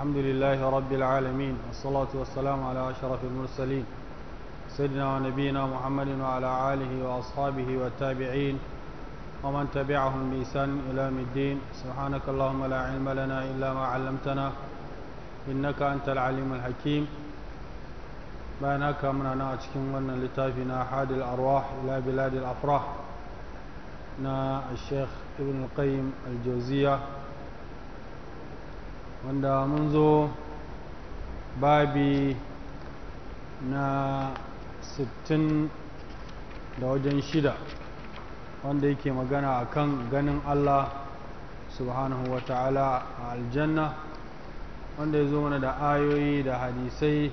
الحمد لله رب العالمين والصلاة والسلام على أشرف المرسلين سيدنا ونبينا محمد وعلى آله وأصحابه والتابعين ومن تبعهم بإحسان إلى يوم الدين سبحانك اللهم لا علم لنا إلا ما علمتنا إنك أنت العليم الحكيم بينك من أنا أتكلم من لتافنا أحد الأرواح إلى بلاد الأفراح نا الشيخ ابن القيم الجوزية wanda mun zo babi na sittin da wajen shida wanda yake magana a kan ganin Allah subhanahu wa ta'ala a aljanna wanda ya zo mana da ayoyi da hadisai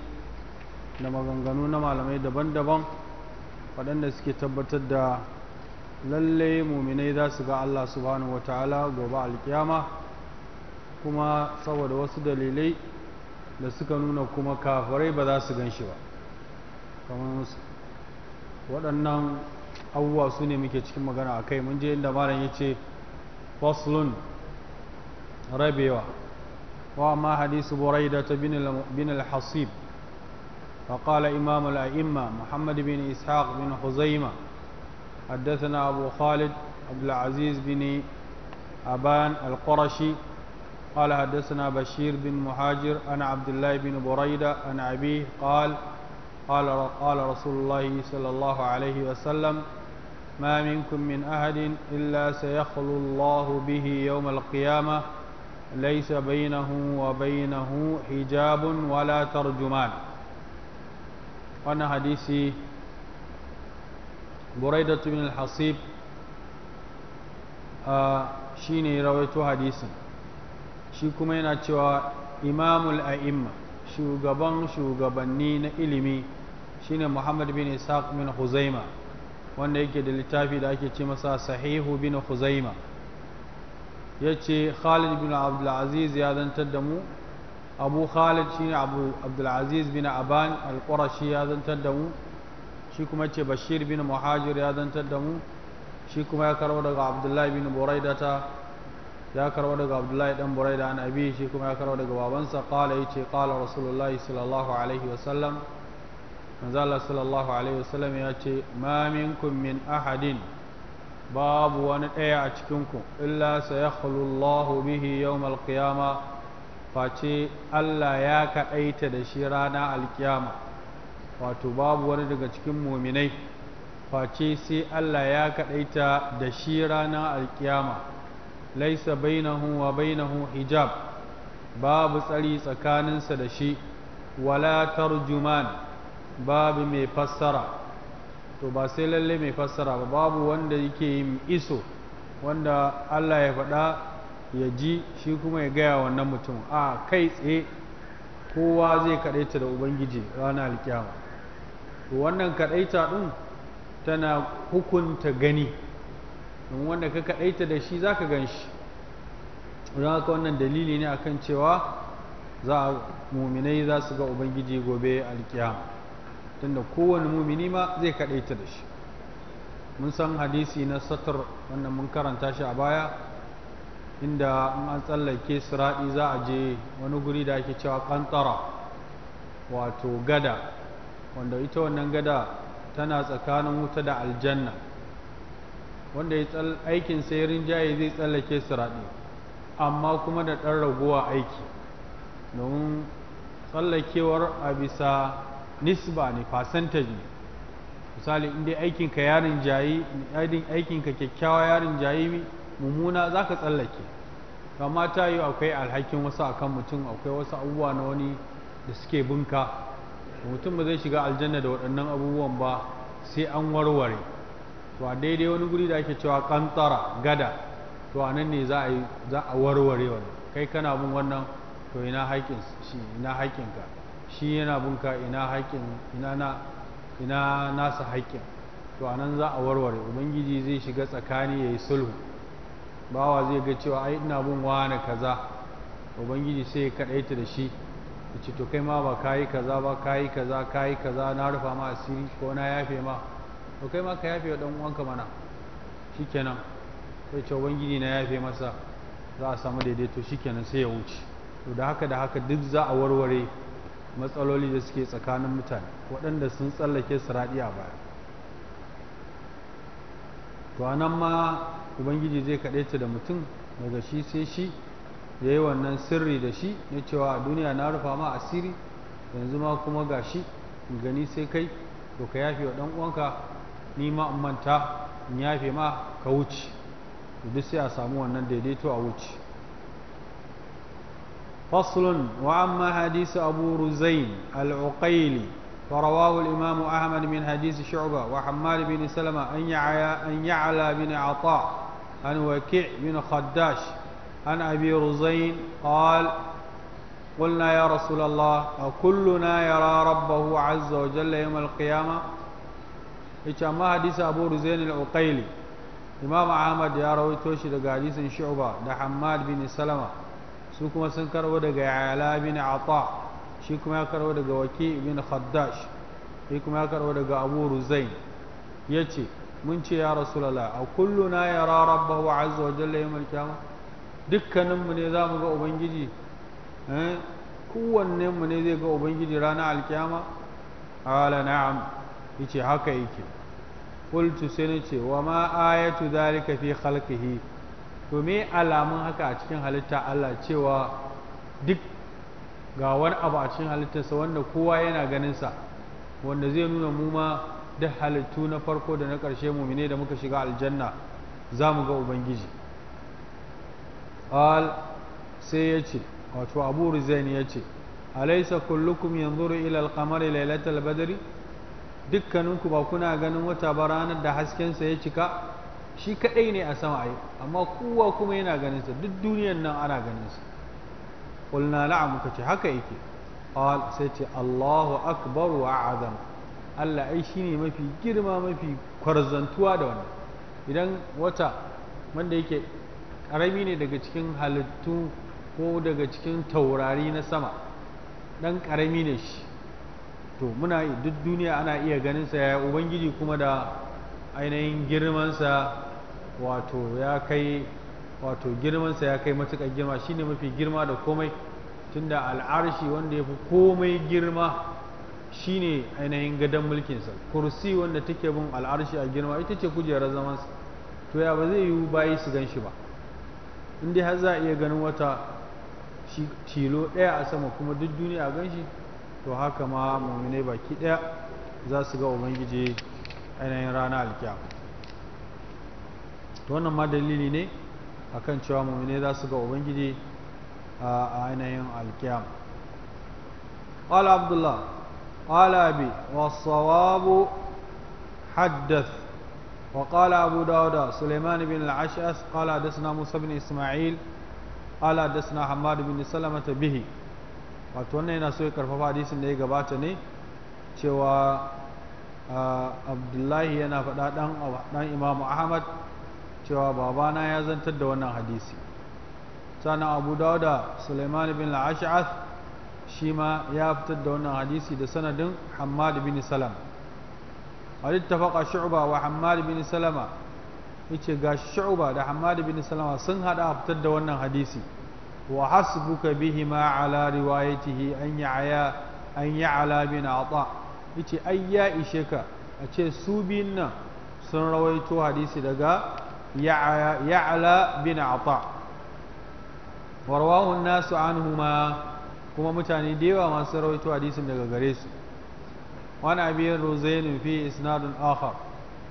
da maganganu na malamai daban-daban waɗanda suke tabbatar da lallai muminai za su ga Allah subhanahu wa ta'ala gobe alkiyama kuma saboda wasu dalilai da suka nuna kuma kafirai ba za su gan shi ba kamar waɗannan abubuwa su ne muke cikin magana a kai mun je inda malam ya ce faslun rabewa wa ma hadisu buraida ta bin al-hasib فقال إمام الأئمة محمد بن إسحاق بن خزيمة حدثنا أبو خالد عبد العزيز بن أبان القرشي قال حدثنا بشير بن مهاجر عن عبد الله بن بريدة عن أبيه قال قال قال رسول الله صلى الله عليه وسلم ما منكم من أحد إلا سيخلو الله به يوم القيامة ليس بينه وبينه حجاب ولا ترجمان وأنا حديثي بريدة بن الحصيب آه شيني رويت حديثا shi kuma yana cewa imamul a'imma shugaban shugabanni na ilimi shine muhammad bin isaq bin huzaima wanda yake da littafi da ake ce masa sahihu bin huzaima ya ce khalid bin abdulaziz ya zantar da mu abu khalid shine abu abdulaziz bin aban alqurashi ya zantar da mu shi kuma ce bashir bin muhajir ya zantar da mu shi kuma ya karo daga abdullahi bin buraidata ya karwa daga abdullahi dan buraida an abi shi kuma ya karwa daga babansa qala yace qala rasulullahi sallallahu alaihi wasallam manzo Allah sallallahu alaihi wasallam ya ce ma minkum min ahadin babu wani ɗaya a cikinku illa sayakhlu Allahu bihi yawmal qiyama face Allah ya kaɗaita da shi rana alkiyama wato babu wani daga cikin muminai face sai Allah ya kaɗaita da shi rana alkiyama laisa bainahu wa bainahu hijab babu tsari tsakaninsa da shi wala tarjuman babu mai fassara to ba sai lalle mai fassara ba babu wanda yake yin iso wanda Allah ya faɗa ya ji shi kuma ya gaya wannan mutum a kai tsaye kowa zai kaɗaita da ubangiji rana alkiyama to wannan kaɗaita ɗin tana hukunta gani domin wanda ka kaɗaita da shi za ka gan shi don haka wannan dalili ne akan cewa za a muminai za su ga ubangiji gobe alkiyama tunda kowane mumini ma zai kaɗaita da shi mun san hadisi na satar wannan mun karanta shi a baya inda an tsallake siraɗi za a je wani guri da ake cewa kantara wato gada wanda ita wannan gada tana tsakanin wuta da aljanna wanda ya aikin sai rinjaye zai tsallake siraɗi amma kuma da ɗan raguwa aiki domin tsallakewar a bisa nisba ne percentage ne misali inda aikinka yarin jayi aikinka kyakkyawa yarin jayi mummuna za ka tsallake amma ta yi akwai alhakin wasu akan mutum akwai wasu abubuwa na wani da suke bunka mutum ba zai shiga aljanna da waɗannan abubuwan ba sai an warware to a daidai wani guri da ake cewa kantara gada to a nan ne za a yi za a warware wani kai kana bin wannan to ina haƙin shi ina haƙin ka shi yana bin ka ina haƙin ina na ina nasa haƙin to a nan za a warware ubangiji zai shiga tsakani ya yi sulhu bawa zai ga cewa ai ina bin wani kaza ubangiji sai ya kaɗaita da shi ya ce to kai ma ba kayi kaza ba kayi kaza kayi kaza na rufa ma asiri ko na yafe ma ko kai ma ka yafe wa dan uwanka mana shikenan sai ce ubangiji na yafe masa za a samu daidaito shikenan sai ya wuce to da haka da haka duk za a warware matsaloli da suke tsakanin mutane waɗanda sun tsallake saradi a baya to a nan ma ubangiji zai kaɗaita da mutum daga shi sai shi ya yi wannan sirri da shi na cewa a duniya na rufa ma asiri yanzu ma kuma ga shi gani sai kai to ka yafe wa ɗan uwanka ni ma in manta in yafe ma ka wuce to duk sai a samu wannan daidaito a wuce faslun wa amma hadisu abu ruzain فرواه الإمام أحمد من حديث شعبة وحمال بن سلمة أن يعلى, أن يعلى بن عطاء أن وكيع بن خداش أن أبي رزين قال قلنا يا رسول الله أكلنا يرى ربه عز وجل يوم القيامة yace amma hadisi Abu Ruzain al-Uqaili Imam Ahmad ya rawaito shi daga hadisin Shu'ba da Hammad bin Salama su kuma sun karbo daga Ala bin Ata shi kuma ya karbo daga Waki bin Khaddash shi kuma ya karbo daga Abu Ruzain yace mun ce ya Rasulullah a kulluna yara rabbahu azza wa jalla yawmal qiyamah dukkaninmu ne za mu ga Ubangiji eh? mu ne zai ga Ubangiji ranar alkiyama ala na'am yace haka yake qultu sai ce wa ma ayatu dhalika fi khalqihi to me alamun haka a cikin halitta Allah cewa duk ga wani abu a cikin halittarsa wanda kowa yana ganin sa wanda zai nuna mu ma duk halittu na farko da na ƙarshe mumine da muka shiga aljanna za mu ga ubangiji al sai ya ce wato abu rizani ya ce alaisa kullukum yanzuru ila alqamari qamari lailatal badri dukkaninku ba kuna ganin wata ba ranar da haskensa ya cika shi kaɗai ne a sama ayi amma kowa kuma yana ganin sa duk duniyan nan ana ganin sa qulna na'am ce haka yake qal sai ce Allahu akbar wa azam Allah ai shine mafi girma mafi kwarzantuwa da wannan idan wata wanda yake karami ne daga cikin halittu ko daga cikin taurari na sama dan karami ne shi to muna duk duniya ana iya ganin sa ya ubangiji kuma da ainihin girmansa wato ya kai wato girmansa ya kai matuƙar girma shine mafi girma da komai tunda al'arshi wanda ya fi komai girma shine ainihin gadon mulkinsa kursi wanda take bin al'arshi a girma ita ce kujerar zamansa to ya ba zai yiwu bayi su gan ba in dai har za a iya ganin wata tilo ɗaya a sama kuma duk duniya a gan to haka ma muminai baki ɗaya za su ga ubangiji ainihin rana alkiyama to wannan ma dalili ne akan cewa muminai za su ga ubangiji a ainihin alkiyama قال عبد الله قال أبي والصواب حدث وقال أبو داود سليمان بن العشأس قال حدثنا موسى بن إسماعيل قال حدثنا حماد بن سلمة به wato wannan yana so ya karfafa hadisin da ya gabata ne cewa abdullahi yana faɗa ɗan imamu ahmad cewa babana ya zantar da wannan hadisi sannan abu dauda suleiman bin al-ash'ath shi ma ya fitar da wannan hadisi da sanadin hamad bin salam alittafaqa shu'ba wa hamad bin salama yace ga shu'ba da hamad bin salama sun hada fitar da wannan hadisi وحسبك بهما على روايته أن يعيا أن يعلى بن عطاء yace ai ya ishe ka a ce su biyun nan sun rawaito hadisi daga ya'ala bin ata warwahun nasu anhuma kuma mutane da yawa masu rawaito hadisi daga gare su wani abin ruzainin fi isnadun akhar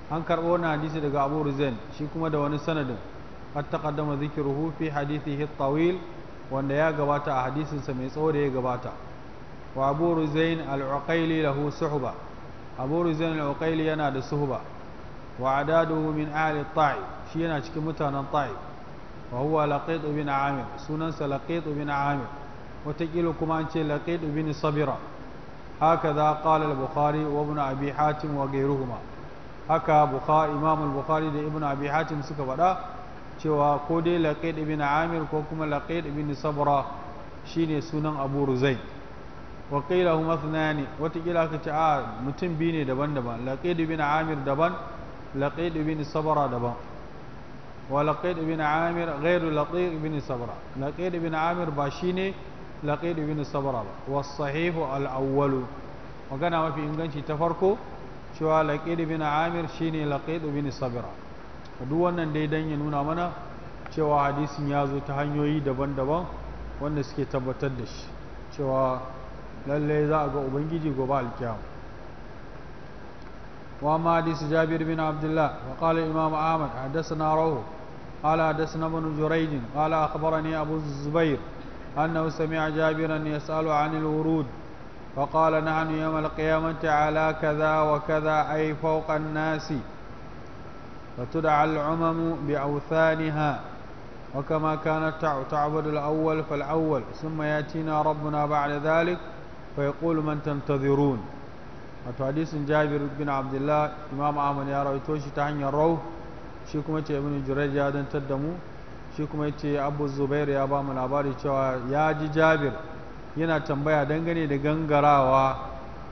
an karɓo wani hadisi daga abu ruzain shi kuma da wani sanadin قد تقدم ذكره في حديثه الطويل wanda ya gabata a hadisinsa mai tsawo da ya gabata wa abu ruzain al-uqaili lahu suhba abu ruzain al-uqaili yana da suhba wa adaduhu min ahli ta'i shi yana cikin mutanen ta'i wa huwa laqit bin amir sunansa laqit bin amir watakila kuma an ce laqit bin sabira hakaza qala al-bukhari wa ibn abi hatim wa ghayruhuma haka bukhari imam al-bukhari da ibn abi hatim suka faɗa cewa ko dai laqid ibn amir ko kuma laqid ibn sabra shine sunan abu ruzai wa qila huma ithnani wata kila ka ce a mutum biyu ne daban-daban laqid ibn amir daban laqid ibn sabra daban wa laqid ibn amir ghairu laqid ibn sabra laqid ibn amir ba shine laqid ibn sabra ba was sahih al awwal magana mafi inganci ta farko cewa laqid ibn amir shine laqid ibn sabra duk wannan dai dan ya nuna mana cewa hadisin ya zo ta hanyoyi daban-daban wanda suke tabbatar da shi cewa lalle za a ga ubangiji gobe alkiyam wa ma hadisi jabir bin abdullah wa qala imam ahmad hadathana rawu qala haddathana ibn jurayj qala akhbarani abu zubair annahu sami'a jabiran yas'alu 'anil wurud فقال نحن يوم القيامة على كذا وكذا أي فوق الناس فتدعى العمم بأوثانها وكما كانت تعبد الأول فالأول ثم يأتينا ربنا بعد ذلك فيقول من تنتظرون وحديث جابر بن عبد الله إمام آمن يا توشي تحني الروح شيكم ابن جريج يا دن تدمو شيكم أبو الزبير يا أبا الأباري شوى يا جي جابر ينا تنبيا dangane da gangarawa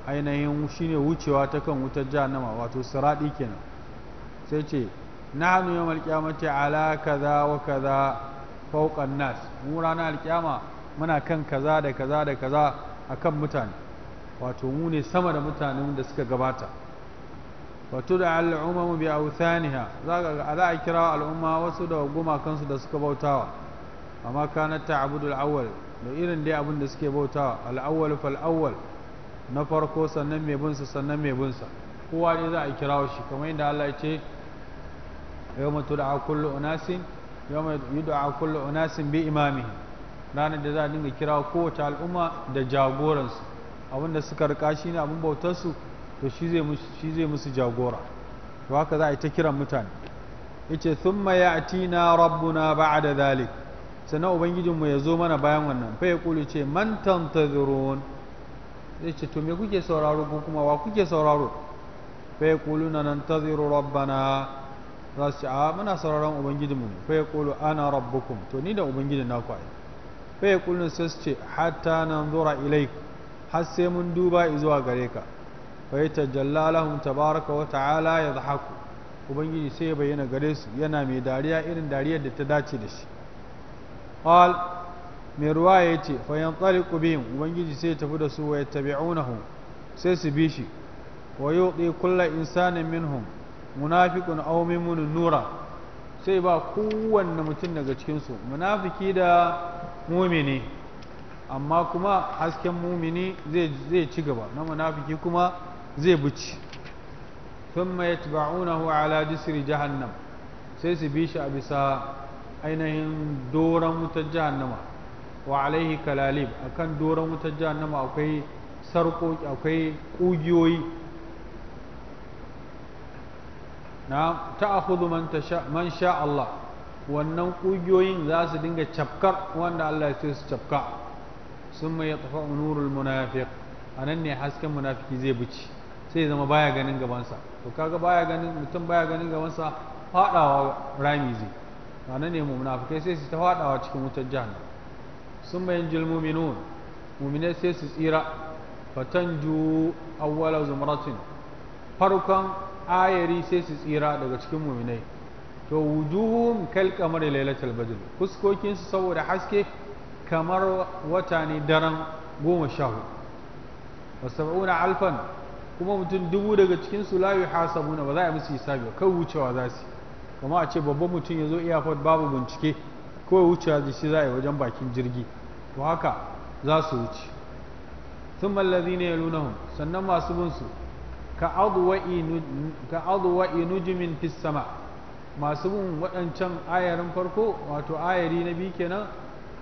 أين هي wucewa وشي واتكم wutar jahannama wato siradi kenan sai ce na hannu yau yawmal ce ala kaza wa kaza fawqan nas mu rana alkyama muna kan kaza da kaza da kaza kan mutane wato mu ne sama da mutanen da suka gabata wato da al'umma mu bi awthaniha za ga za a kira al'umma wasu da gumakansu da suka bautawa amma kana ta'budul awwal da irin dai abin da suke bautawa al'awwal fal awwal na farko sannan mai sannan mai binsa kowa ne za a kira shi kamar yadda Allah ya ce yawma tud'a kullu unasin yawma yud'a kullu bi imamihim ranar da za a dinga kira kowace al'umma da jagoransu abinda suka rika shi ne abin su to shi zai musu jagora to haka za a yi ta kiran mutane yace thumma ya'tina rabbuna ba'da dhalik sannan ubangijin ya zo mana bayan wannan fa ya kulu ce man tantazirun yace to me kuke sauraro ko kuma wa kuke sauraro fa ya kulu na nantaziru rabbana za su ce a muna sauraron ubangijinmu ne fa ya kulu ana rabbukum to ni da ubangijin naku ai fa ya kulu sai su ce hatta nanzura ilaik har sai mun duba zuwa gare ka fa ya tajalla lahum tabaraka wa ta'ala yadhaku ubangiji sai ya bayyana gare su yana mai dariya irin dariyar da ta dace da shi qal mai ruwa ya ce fa yantaliqu bihim ubangiji sai ya tafi da su wa yattabi'unahu sai su bi shi wa yuqi kullu insanin minhum munafiqun aw mimun nura sai ba kowanne mutum daga cikin su munafiki da mumini amma kuma hasken mumini zai ci gaba na munafiki kuma zai buci ثم يتبعونه ala جسر جهنم sai su bi shi a bisa ainihin doron wutar jahannama wa alaihi kalalib akan doron wutar jahannama akwai sarko, akwai ƙugiyoyi na ta'khudhu man tasha man sha Allah wannan kugiyoyin za su dinga cafkar wanda Allah ya ce su cafka summa yatfa'u nurul munafiq anan ne hasken munafiki zai buci sai zama baya ganin gabansa to kaga baya ganin mutum baya ganin gabansa fadawa rami zai anan ne munafikai sai su ta fadawa cikin wutar jahannam summa yanjul mu'minun mu'minai sai su tsira fatanju awwala zumratin farkon ayari sai su tsira daga cikin muminai to wujuhum kal kamar lailatul badr fuskokin su saboda haske kamar wata ne daren goma sha hudu wa sab'una alfan kuma mutum dubu daga cikin su la yuhasabuna ba za a musu hisabi kai wucewa za su kuma a ce babban mutum ya zo airport babu bincike ko wucewa ji shi za a wajen bakin jirgi to haka za su wuce thumma alladhina yalunahum sannan masu bin su ka adwa'i nujumin fis sama masu bin waɗancan ayarin farko wato ayari na biyu kenan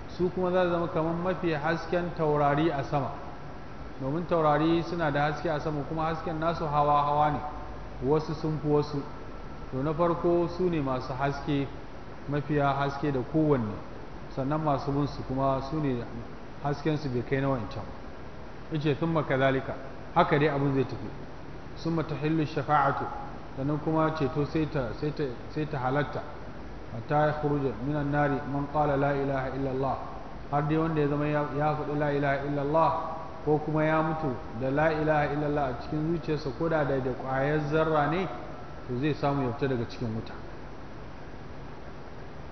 su kuma za zama kamar mafi hasken taurari a sama domin taurari suna da haske a sama kuma hasken nasu hawa hawa ne wasu sun fi wasu to na farko su ne masu haske mafiya haske da kowanne sannan masu bin su kuma su ne haskensu bai kai na wancan ba ce sun makazalika haka dai abin zai tafi summa tahillu shafa'atu sannan kuma ceto sai ta sai ta sai ta halatta hatta yakhruja minan nari man qala la ilaha illa Allah har dai wanda ya zama ya faɗi la ilaha illa Allah ko kuma ya mutu da la ilaha illa Allah a cikin zuciyarsa ko da da ƙwayar zarra ne to zai samu ya daga cikin wuta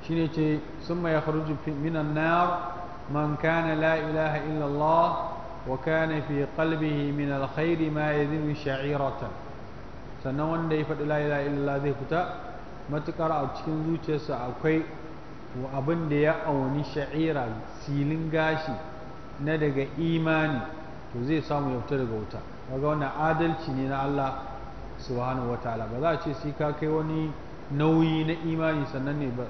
shine ce summa yakhruju minan nar man kana la ilaha illa Allah وكان في قلبه من الخير ما يذن شعيرة sannan wanda ya faɗi la'ila illa zai fita matuƙar a cikin zuciyarsa akwai abin da ya auni sha'ira silin gashi na daga imani to zai samu ya fita daga wuta kaga wannan adalci ne na Allah subhanahu wataala ba za a ce sai ka kai wani nauyi na imani sannan ne ba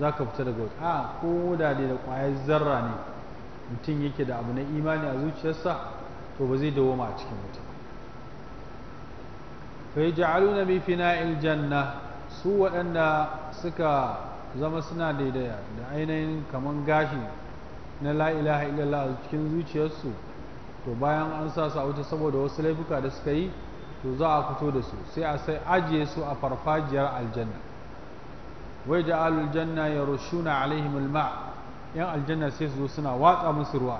za ka fita daga wuta a ko da da ƙwayar zarra ne mutum yake da abu na imani a zuciyarsa to ba zai dawoma a cikin wuta fa yaj'aluna mafi na'il janna su waɗanda suka zama suna daidaya da ainihin kamar gashi na la illallah a cikin zuciyarsu to bayan an sa su a wuta saboda wasu laifuka da suka yi to za a fito da su sai a sai ajiye su a farfajiyar aljanna wai ja'alul ya rushuna alaihim alma' yan aljanna sai su zo suna watsa musu ruwa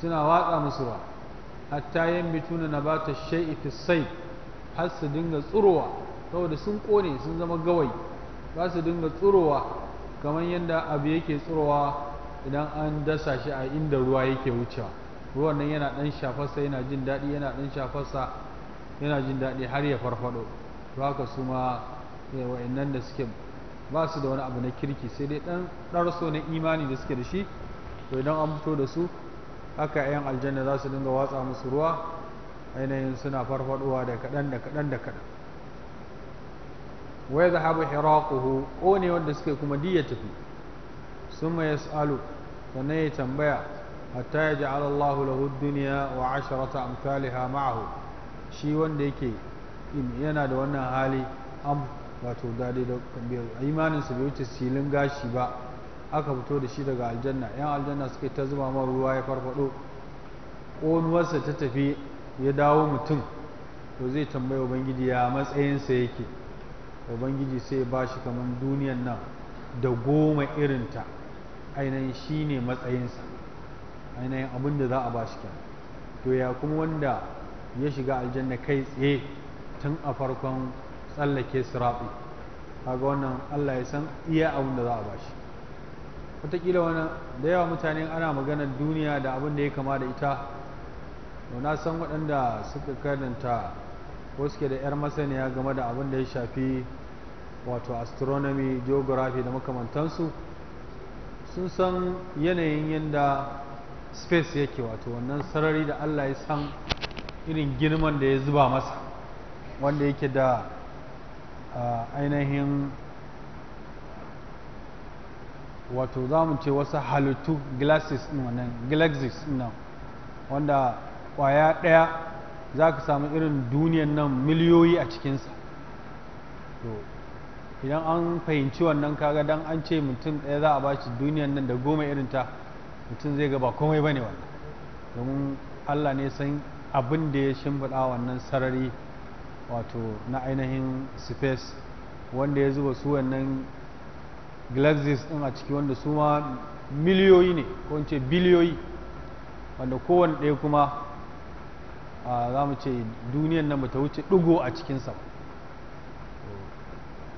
suna watsa musu ruwa hatta yan bituna na bata shay'i fi sai har su dinga tsurowa saboda sun kone sun zama gawai ba su dinga tsurowa kamar yadda abu yake tsurowa idan an dasa shi a inda ruwa yake wucewa ruwan nan yana dan shafarsa yana jin daɗi yana dan shafarsa yana jin daɗi har ya farfado to haka su ma eh, wa'annan da suke ba su da wani abu na kirki sai dai ɗan ɗarso na imani da suke da shi to idan an fito da su haka 'yan aljanna za su dinga watsa musu ruwa ainihin suna farfadowa da kaɗan da kaɗan da kaɗan wai yadhhabu hiraquhu ko ne wanda suke kuma diya tafi summa yasalu ya sannan ya tambaya hatta ya ja'ala Allahu lahu duniya wa asharata amsaliha ma'ahu shi wanda yake yana da wannan hali an wato dade da imanin su bai wuce silin gashi ba aka fito da shi daga aljanna yan aljanna suka ta zuba ma ruwa ya farfado ƙonuwarsa ta tafi ya dawo mutum to zai tambayi ubangiji ya matsayinsa yake ubangiji sai ya bashi kamar duniyan nan da goma irinta ainihin shi ne matsayinsa ainihin abin da za a bashi kenan to ya kuma wanda ya shiga aljanna kai tsaye tun a farkon tsallake a kaga wannan Allah ya san iya abin da za a bashi wataƙila wani da yawa mutane ana maganar duniya da abin da ya kama da ita to na san waɗanda suka karanta ko suke da 'yar masaniya game da abin da ya shafi wato astronomy geography da makamantansu sun san yanayin yadda space yake wato wannan sarari da Allah ya san irin girman da ya zuba masa wanda yake da ainihin wato za mu ce wasu halittu glasses wannan galaxies nan wanda kwaya ɗaya za ka samu irin duniyan nan miliyoyi a cikinsa to idan an fahimci wannan kaga dan an ce mutum ɗaya za a ba shi duniyan nan da goma irin ta mutum zai gaba komai ba ne wannan domin allah ne san abin da ya shimfiɗa wannan sarari wato na ainihin space wanda ya zuba su wannan galaxies din a ciki wanda su ma miliyoyi ne ko ce biliyoyi wanda kowane ɗaya kuma za mu ce duniyan nan ta wuce ɗugo a cikinsa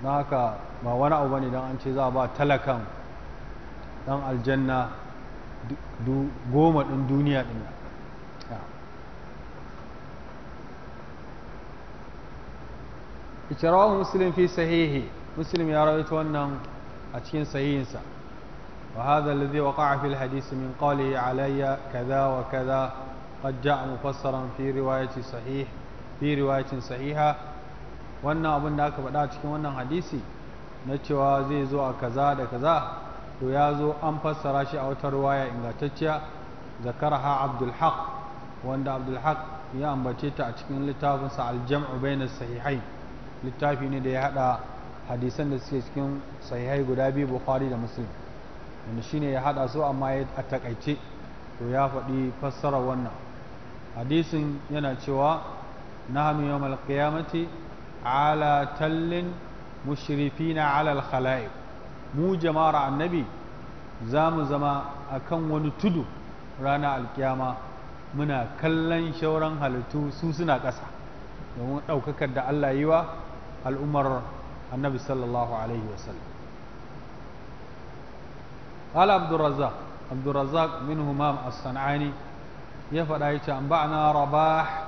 na haka ba wani abu bane don an ce za a ba talakan ɗan aljanna goma ɗin duniya ɗin اتراه مسلم في صحيحه مسلم يا رأيت أنهم أتكين صحيحنسا وهذا الذي وقع في الحديث من قوله علي كذا وكذا قد جاء مفسرا في رواية صحيح في رواية صحيحة وأن أبن داك بدأ تكين وأن حديثي نتشوى زيزو كذا كذا ويازو أنفسر شيء أو ترواية إن تتشى ذكرها عبد الحق وأن عبد الحق يا أنبتيت أتكين لتافنسا جمع بين الصحيحين littafi ne da ya hada hadisan da suke cikin sahihai guda biyu bukhari da muslim wanda shine ya hada su amma ya a takaice to ya faɗi fassara wannan hadisin yana cewa nahnu yawmal qiyamati ala tallin mushrifina ala al mu jama'ar annabi za mu zama akan wani tudu rana alkiyama muna kallon shauran halittu su suna ƙasa domin ɗaukakar da Allah yi wa الأمر النبي صلى الله عليه وسلم قال عبد الرزاق عبد الرزاق من همام الصنعاني يفرأيت أنبعنا رباح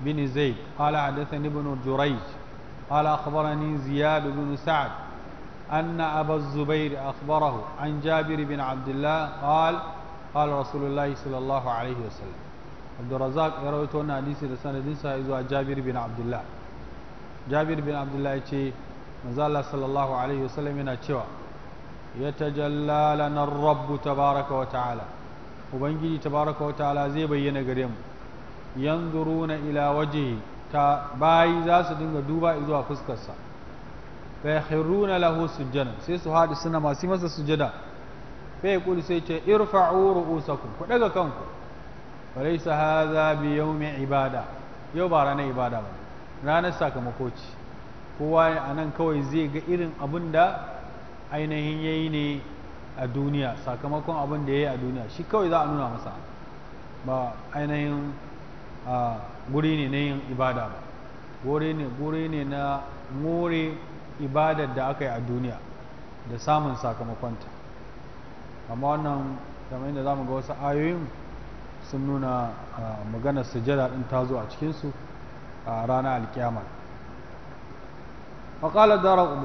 بن زيد قال حدثني ابن جريج قال أخبرني زياد بن سعد أن أبا الزبير أخبره عن جابر بن عبد الله قال قال رسول الله صلى الله عليه وسلم عبد الرزاق يروي تونا حديث لسان الدين جابر بن عبد الله jabir bin abdullahi ce manzala sallallahu alaihi wasallam yana cewa ya tajalla lana rabbu tabaraka wa ta'ala ubangiji tabaraka wa ta'ala zai bayyana gare mu yanzuruna ila waje ta bayi za su dinga duba zuwa fuskarsa fa lahu sujjana sai su hadi suna masu masa sujada Fai yaqulu sai ce irfa'u ru'usakum ku daga kanku falaysa hadha bi yawmi ibada yau ba ranar ibada ba ranar sakamako ce kowa a nan kawai zai ga irin abin da ainihin ya yi ne a duniya sakamakon abin da ya yi a duniya shi kawai za a nuna masa ba ainihin guri ne na yin ibada ba guri ne na more ibadar da aka yi a duniya da samun sakamakonta amma wannan kamar yadda za mu ga wasu ayoyin sun nuna maganar sujada ɗin ta zo a cikinsu آه، رانا الكيامة فقال دار dara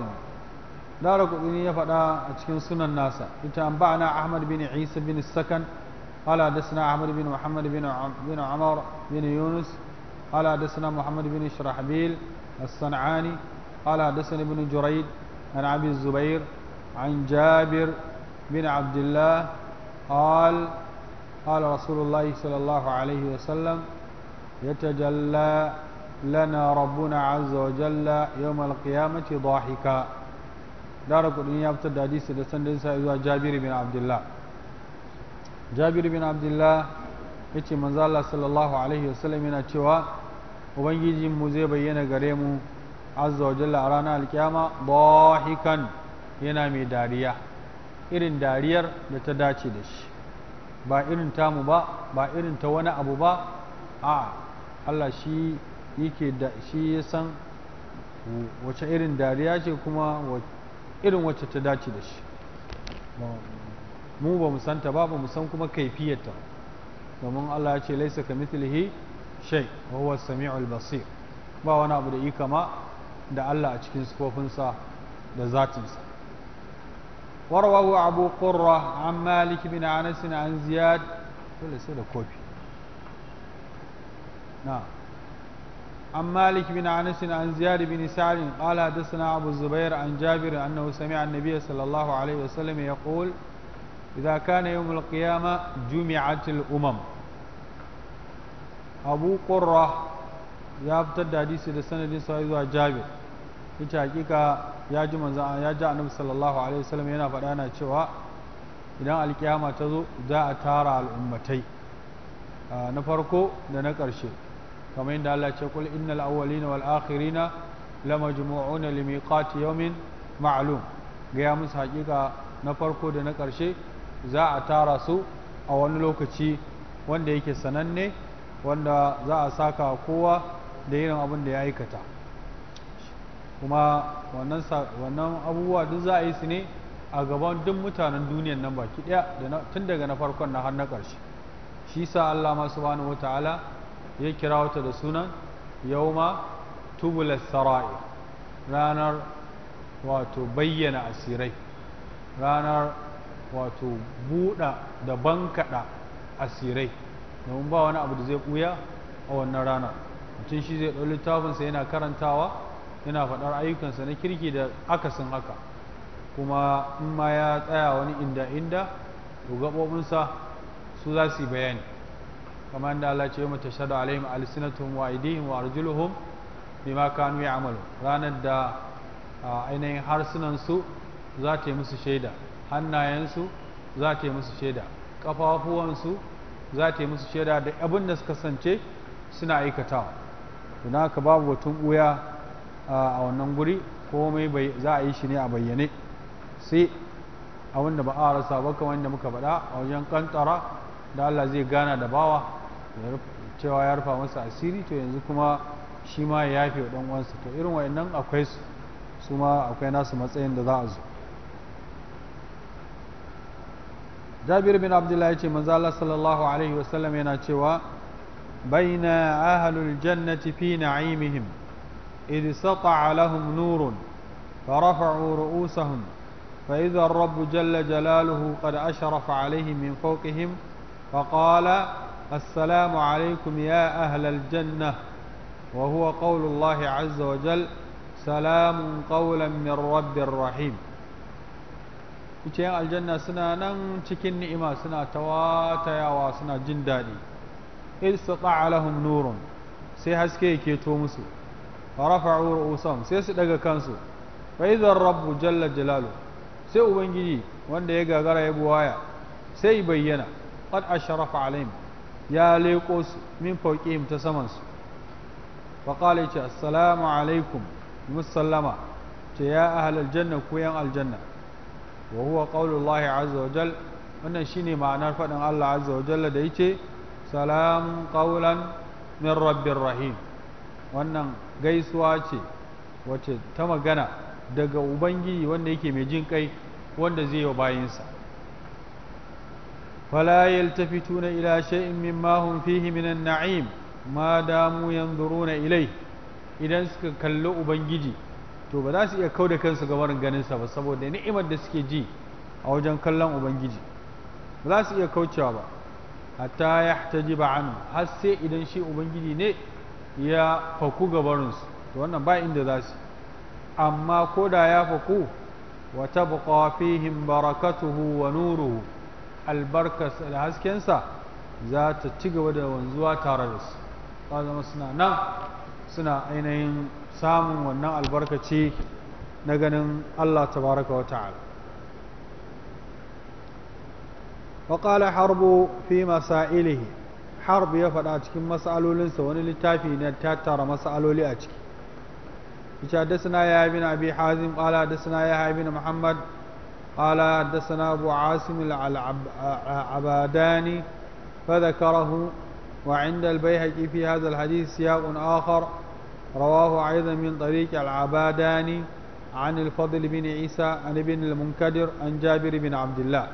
دار dara ƙudin ya سنة الناس cikin أحمد بن عيسى بن السكن قال حدثنا أحمد بن محمد بن عمر بن يونس قال حدثنا محمد بن شرحبيل الصنعاني قال حدثني بن جريد عن أبي الزبير عن جابر بن عبد الله قال قال رسول الله صلى الله عليه وسلم يتجلى lana rabbuna azza wa jalla yawm al-qiyamati dhahika dara kudin ya fitar da hadisi da sandan sa zuwa Jabir bin bin yace manzo Allah sallallahu alaihi wasallam yana cewa ubangijin mu zai bayyana gare mu azza wa jalla a ranar alkiyama dhahikan yana mai dariya irin dariyar da ta dace da shi ba irin tamu ba ba irin ta wani abu ba a Allah shi yake da shi ya san wace irin dariya ce kuma irin wacce ta dace da shi mu ba mu santa ba ba mu san kuma kaifiyarta domin Allah ya ce laisa ka mithlihi shay wa huwa samiul basir ba wani abu da ikama da Allah a cikin sa da zatinsa abu أبو an عن bin بن an عن dole sai da kofi نعم عن مالك بن انس عن زياد بن سعد قال حدثنا ابو الزبير عن جابر انه سمع النبي صلى الله عليه وسلم يقول اذا كان يوم القيامه جمعت الامم ابو قره يا ابتدى حديثه لسند سعيد جابر ita hakika yaji manzo yaji annabi sallallahu alaihi wasallam yana fada yana cewa idan alkiyama ta zo za a tara al'ummatai na farko da na karshe kamar yadda Allah ce kul innal awwalina wal akhirina lamajmu'una limiqati yawmin ma'lum gaya musu hakika na farko da na ƙarshe za a tara su a wani lokaci wanda yake sananne wanda za a saka kowa da irin abin da ya aikata kuma wannan abubuwa duk za a yi su ne a gaban duk mutanen duniyan nan baki ɗaya tun daga na farkon na har na ƙarshe shi sa Allah masu subhanahu wata'ala ya kira wata da sunan yauma tubular sara'i ranar wato bayyana asirai ranar wato buɗa da bankaɗa asirai domin ba wani abu da zai ɓuya a wannan ranar mutum shi zai ɗau littafinsa yana karantawa yana faɗar ayyukansa na kirki da akasin haka kuma in ma ya tsaya wani inda inda to gaɓoɓinsa su za su yi bayani kamar da Allah ce mu tashhadu alaihim alsinatuhum wa aydihim wa arjuluhum bima kanu ya'malu ranar da ainihin harsunan su za ta yi musu shaida hannayensu za ta yi musu shaida Ƙafafuwansu za ta yi musu shaida da abin da suka sance suna aikatawa don haka babu batun buya a wannan guri komai za a yi shi ne a bayyane sai a wanda ba a rasa ba kamar muka faɗa a wajen kantara da Allah zai gana da bawa cewa ya rufa masa asiri to yanzu kuma shi ma ya yafe wa uwansa to irin wayannan akwai su su ma akwai nasu matsayin da za a zo jabir bin abdullahi ce manzo Allah sallallahu alaihi wasallam yana cewa baina ahlul jannati fi na'imihim إذ سطع لهم نور فرفعوا رؤوسهم فإذا الرب جل جلاله قد أشرف عليهم من فوقهم فقال السلام عليكم يا أهل الجنة وهو قول الله عز وجل سلام قولا من رب رحيم kuce yan aljanna suna nan cikin ni'ima suna tawatayawa suna jin daɗi istata'a lahum nurun sai haske yake to musu rafa'u ru'usam sai su daga kansu fa idza rabbu jalla jalalu sai ubangiji wanda ya gagara ya buwaya sai bayyana qad ashrafa alaihim ya leƙo su min fauƙihim ta samansu faƙala ya ce assalamu alaikum musallama ce ya ahalar janna ko yan aljanna wa huwa qaulullahi azza wa jal wannan shine ma'anar faɗin Allah azza wa jalla da yace salam qaulan min rabbir rahim wannan gaisuwa ce wace ta magana daga ubangiji wanda yake mai jin kai wanda zai yi wa bayinsa فلا يلتفتون إلى شيء مما هم فيه من النعيم ما داموا ينظرون إليه idan suka kalli ubangiji to ba za su iya kauda kansu ga ganin ganinsa ba saboda ni'imar da suke ji a wajen kallon ubangiji ba za su iya kaucewa ba hatta ya taji ba an har sai idan shi ubangiji ne ya faku ga su to wannan ba inda za su amma ko da ya faku wata tabqa fihim barakatuhu wa nuruhu albarkarsa da haskensa za ta ci gaba da wanzuwa tare da su ba zama suna nan suna ainihin samun wannan albarkaci na ganin Allah tabaraka wa ta'ala وقال حرب في مسائله حرب ya faɗa cikin mas'alolinsa wani littafi na tattara mas'aloli a ciki ita da suna ya bin abi hazim qala da suna ya bin muhammad قال حدثنا أبو عاصم العباداني فذكره وعند البيهقي في هذا الحديث سياق آخر رواه أيضا من طريق العباداني عن الفضل بن عيسى عن ابن المنكدر عن جابر بن عبد الله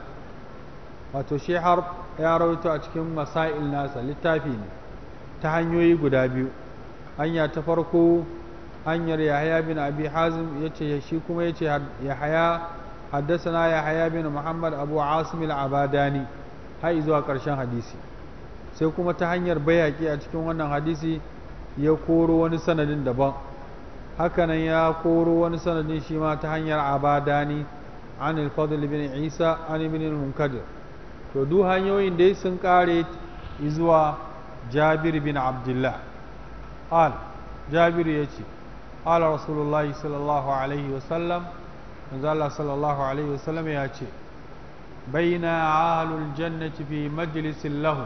وتشي حرب يا رويتو أتكم مسائل ناسا للتافين تهنيوي قدابيو أن ta farko ان yahaya bin بن ابي حازم ce shi kuma ya حدثنا يحيى بن محمد أبو عاصم العباداني هاي زوا كرشان حديثي sai kuma ta hanyar bayaki a cikin wannan hadisi ya koro wani sanadin daban hakanan ya koro wani sanadin shi ma ta hanyar abadani an al-fadl ibn isa an ibn al-munkadir to duk hanyoyin dai sun kare zuwa jabir bin abdullah al jabir yace qala rasulullahi sallallahu alaihi wasallam Allah sallallahu alaihi wasallam ya ce baina ahlul jannati fi majalisin lahu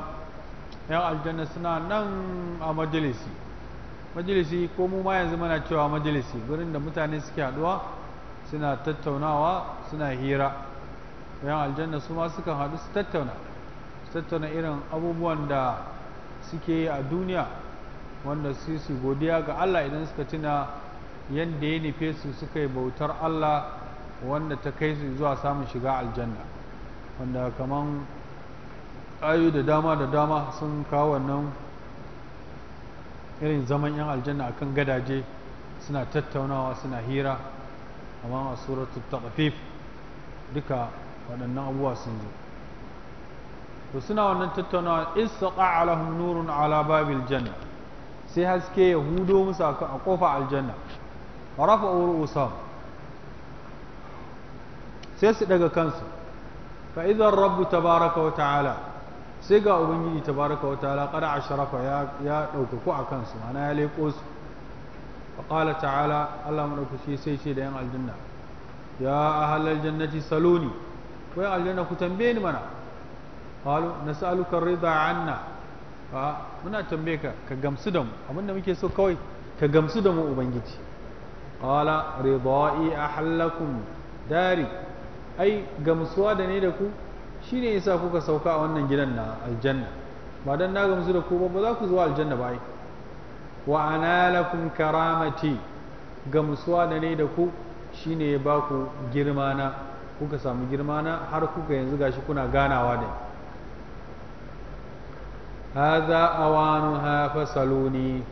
yan aljanna suna nan a majalisi majalisi ko mu ma yanzu muna cewa majalisi wurin da mutane suke haduwa suna tattaunawa suna hira yan aljanna su ma sukan haɗu su tattauna su tattauna irin abubuwan da suke yi a duniya wanda su su godiya ga Allah idan suka tuna yadda ya nufe su suka yi bautar Allah wanda ta kai su zuwa samun shiga aljanna wanda kamar ayu da dama da dama sun kawo wannan irin zaman yan aljanna akan gadaje suna tattaunawa suna hira amma a suratul taqfif duka waɗannan abubuwa sun zo to suna wannan tattaunawa istaqa alahum nurun ala babil janna sai haske ya hudo musu a kofa aljanna rafa ru'usahum sai su daga kansu fa idan rabbu tabaraka wa ta'ala sai ga ubangiji tabaraka wa ta'ala qad ashrafa ya ya daukaku a kansu ana ya leko su fa qala ta'ala Allah madaukaki sai ce da yan aljanna ya ahlal jannati saluni ko yan aljanna ku tambaye ni mana qalu nas'aluka ar-ridha 'anna a muna tambaye ka ka gamsu da mu abinda muke so kawai ka gamsu da mu ubangiji qala ridai ahallakum dari ai gamsuwa da ne da ku shine yasa kuka sauka a wannan gidan na aljanna ba dan na gamsu da ku ba ba za ku zuwa aljanna ba ai wa ana lakum karamati gamsuwa da ne da ku shine ya ba ku girma na kuka samu girma na har kuka yanzu gashi kuna ganawa da hadha awanuha fasaluni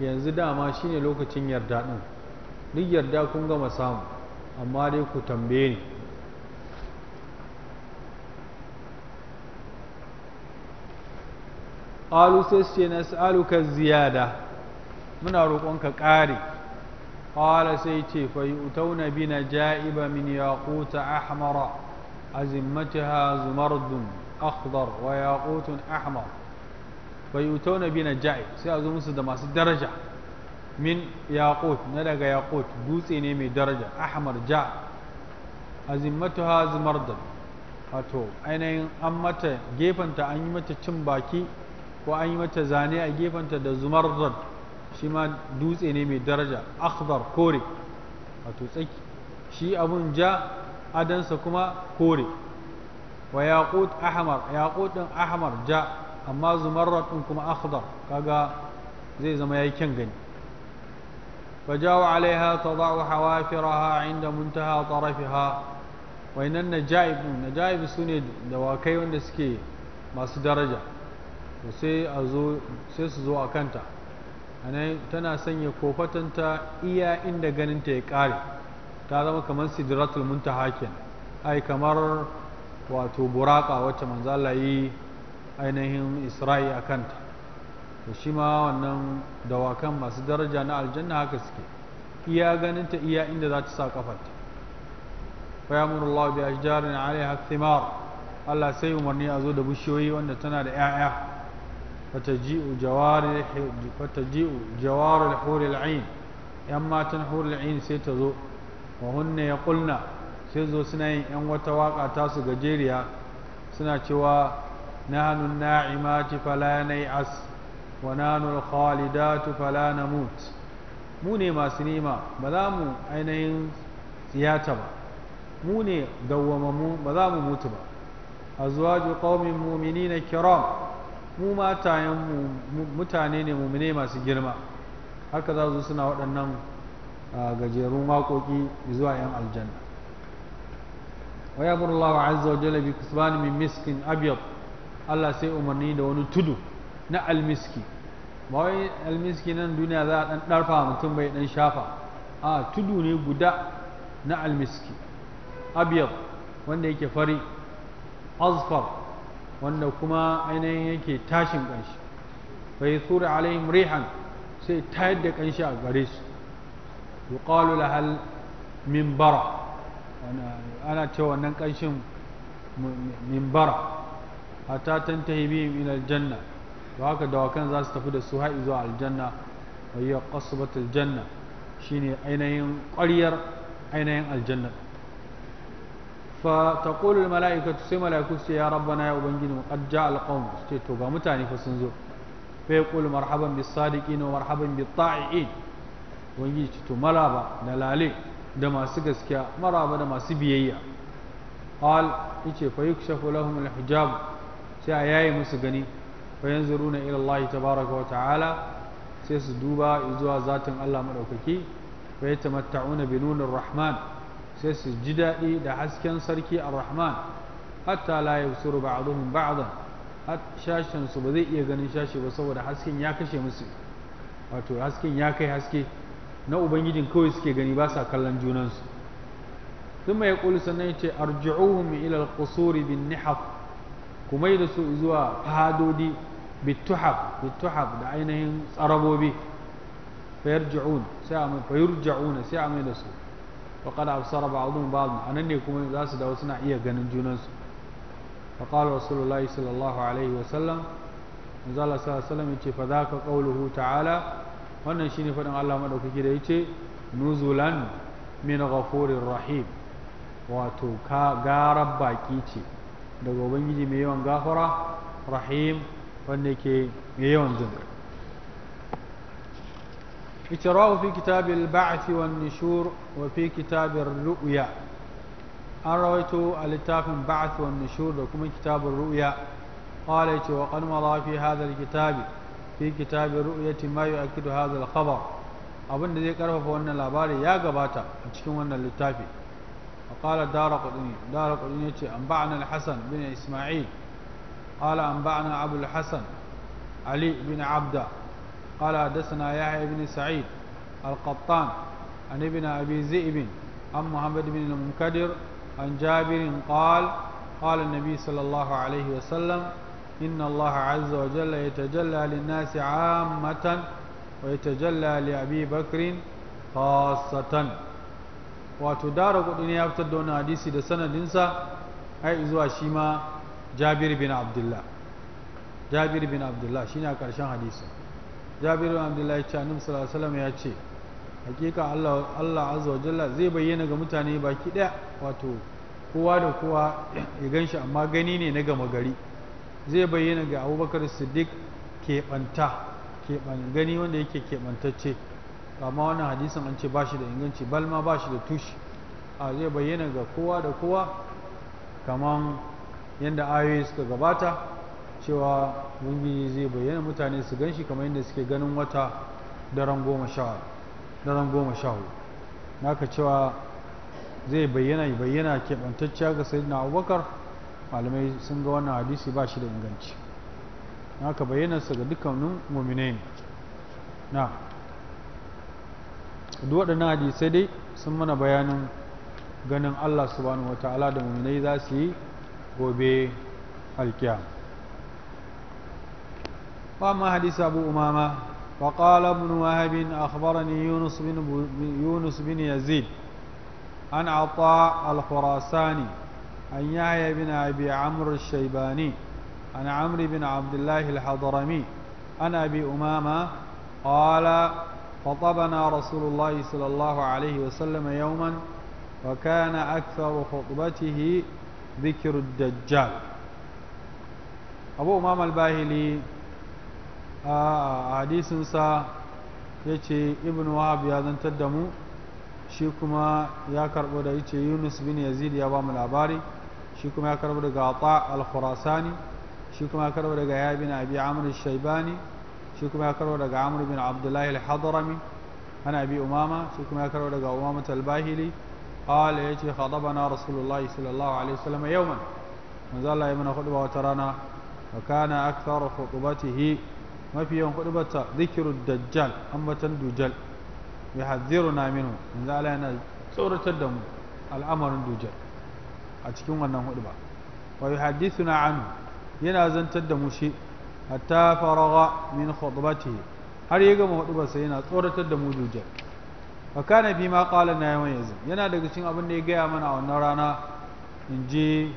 yanzu dama shine lokacin yarda din duk yarda kun gama samu amma dai ku tambaye ni qalu sai su ce nas'aluka ziyada muna roƙonka ƙari qala sai ce fa yu'tauna bina ja'iba min yaquta ahmara azimmataha zumardun akhdar wa yaqutun ahmar fa yu'tauna bina ja'ib sai a zo musu da masu daraja min yaqut na daga yaqut dutse ne mai daraja ahmar ja azimmataha zumardun wato ainihin an mata gefenta an yi mata cin baki ko an yi mata zane a gefenta da zumarrad shi ma dutse ne mai daraja akhdar kore wato tsaki shi abun ja adansa kuma kore wa yaqut ahmar yaqut din ahmar ja amma zumarrad din kuma akhdar kaga zai zama yayi kyan gani فجاو عليها تضع حوافرها عند منتهى طرفها وإن النجائب النجائب سنة دواكي وندسكي ما درجة da sai a zo su zo a kanta anan tana sanya kofatanta iya inda ganinta ya kare ta zama kamar sidratul muntaha ken ai kamar wato buraka wacce manzo Allah yi ainihin Isra'i a kanta to shi ma wannan dawakan masu daraja na aljanna haka suke iya ganinta iya inda za ta sa kafarta thimar Allah sai umarni a zo da bishiyoyi wanda tana da 'ya'ya. فتجيء جوار فتجيء جوار الحور العين يما تنحور العين سيتزو وهن يقولن سيزو سنين ان وتواقع تاسو gajeriya suna cewa نحن الناعمات فلا نيأس ونحن الخالدات فلا نموت mu ne masu nema ba za mu ainihin tsiyata ba mu ne dawwamammu ba za mu mutu ba azwaju qaumin mu'minina kiram mu matayen mutane ne mumine masu girma haka za su suna waɗannan gajerun waƙoƙi zuwa 'yan aljanna ويأمر الله عز bi بكسبان من miskin أبيض Allah sai umarni da wani tudu na almiski ba wai almiski nan duniya za a dan darfa mutum bai ɗan shafa a tudu ne guda na almiski abiyar wanda yake fari azfar wanda kuma ainihin yake tashin ƙanshi bai sura alaihim rihan sai tayar da ƙanshi a gare su yuqalu lahal mimbara ana cewa wannan ƙanshin mimbara hatta tantahi bihim ila aljanna to haka dawakan za su tafi da su har zuwa aljanna wa hiya qasbatul janna shine ainihin ƙwaryar ainihin aljanna fa taqulu al mala'ikatu sai mala'iku su ya rabbana ya ubangiji mu qad ja'a al qawm ce to mutane fa sun zo fa yaqulu marhaban bis sadiqin wa marhaban bit ta'iin ubangiji ce to maraba da lale da masu gaskiya maraba da masu biyayya qal yace fa yukshafu lahum al hijab sai a yayi musu gani fa yanzuruna ila Allah tabaaraka wa ta'ala sai su duba zuwa zatin Allah madaukaki fa yatamatta'una bi nunar rahman sai su ji daɗi da hasken sarki ar-rahman hatta la yusuru ba'dhum ba'dan shashin su ba zai iya ganin shashi ba saboda hasken ya kashe musu wato hasken ya kai haske na ubangijin kawai suke gani ba sa kallon junansu ثم يقول سنة أرجعوهم إلى القصور بالنحف كما يدسوا إزوا فهادودي بالتحف بالتحف دعينهم صربوا به فيرجعون سيعمل فيرجعون سيعمل يدسوا faqad absara ba'dhum a anan ne kuma za su dawo suna iya ganin junansu wasu rasulullahi sallallahu alaihi wa sallam manzala sallallahu alaihi yace fa zaka qawluhu ta'ala wannan shine fadin Allah madaukaki da yace nuzulan min ghafurir rahim wato ka gara baki ce daga ubangiji mai yawan gafara rahim wanda ke mai yawan jinkai اقرأوا في كتاب البعث والنشور وفي كتاب الرؤيا أنا رويت الاتفاق البعث والنشور لكم كتاب الرؤيا قالت وقد مضى في هذا الكتاب في كتاب الرؤيا ما يؤكد هذا الخبر أبن ذكر فأن الأبار يا قباتا أتكون الاتفاق وقال دار قدني دار قدني أنبعنا الحسن بن إسماعيل قال أنبعنا عبد الحسن علي بن عبده قال حدثنا يحيى بن سعيد القطان عن ابن أبي ذئب عن محمد بن المنكدر عن جابر قال قال النبي صلى الله عليه وسلم إن الله عز وجل يتجلى للناس عامة ويتجلى لأبي بكر خاصة وتدار قدني يفتدون حديثي ده سنة دنسا أي إزوا شيما جابر بن عبد الله جابر بن عبد الله شينا كرشان حديثه jabiru abdullahi ce annabi ya ce hakika Allah Allah azza wa jalla zai bayyana ga mutane baki daya wato kowa da kowa ya ganshi amma gani ne na gama gari zai bayyana ga Abubakar Siddiq keɓanta gani wanda yake keɓantacce amma wannan hadisin an ce bashi da inganci balma bashi da tushi a zai bayyana ga kowa da kowa kaman yadda ayoyi suka gabata cewa wani zai bayyana mutane su gan shi kamar yadda suke ganin wata daren goma sha hu na ka cewa zai bayyana bayyana keɓantacciya ga na abubakar malamai sun ga wannan hadisi ba shi da inganci na ka bayyana su ga dukkanin muminai ne na duk waɗannan hadisai dai sun mana bayanin ganin allah subhanahu wa ta'ala da muminai za su yi gobe alkiyama وأما حديث أبو أمامة فقال ابن وهب أخبرني يونس بن, يونس بن يزيد عن عطاء الخراساني عن يحيى بن أبي عمرو الشيباني عن عمرو بن عبد الله الحضرمي عن أبي أمامة قال خطبنا رسول الله صلى الله عليه وسلم يوما وكان أكثر خطبته ذكر الدجال أبو أمامة الباهلي حديث سا يجي ابن وهب يادن تدمو شيكما يا كربو دا يجي يونس بن يزيد يا بام العباري شيكما يا كربو دا عطاء الخراساني شيكما يا كربو دا بن ابي عمرو الشيباني شيكما يا كربو دا عمرو بن عبد الله الحضرمي انا ابي امامه شيكما يا كربو دا امامه الباهلي قال يجي خطبنا رسول الله صلى الله عليه وسلم يوما من ظل يمن خطبه وترانا وكان اكثر خطبته mafi yawan kuɗi bata zikirun dajjal ambatan dujjal ya hadziru na minu yanzu ala yana tsoratar da mu al'amarin dujjal a cikin wannan hudu ba wa yi hadisu na anu yana zantar da mu shi hatta faraga min khutbati har ya gama hudu basa yana tsoratar da mu dujjal fa kana fi ma qala na yawan yanzu yana daga cikin abin da ya gaya mana a wannan rana in ji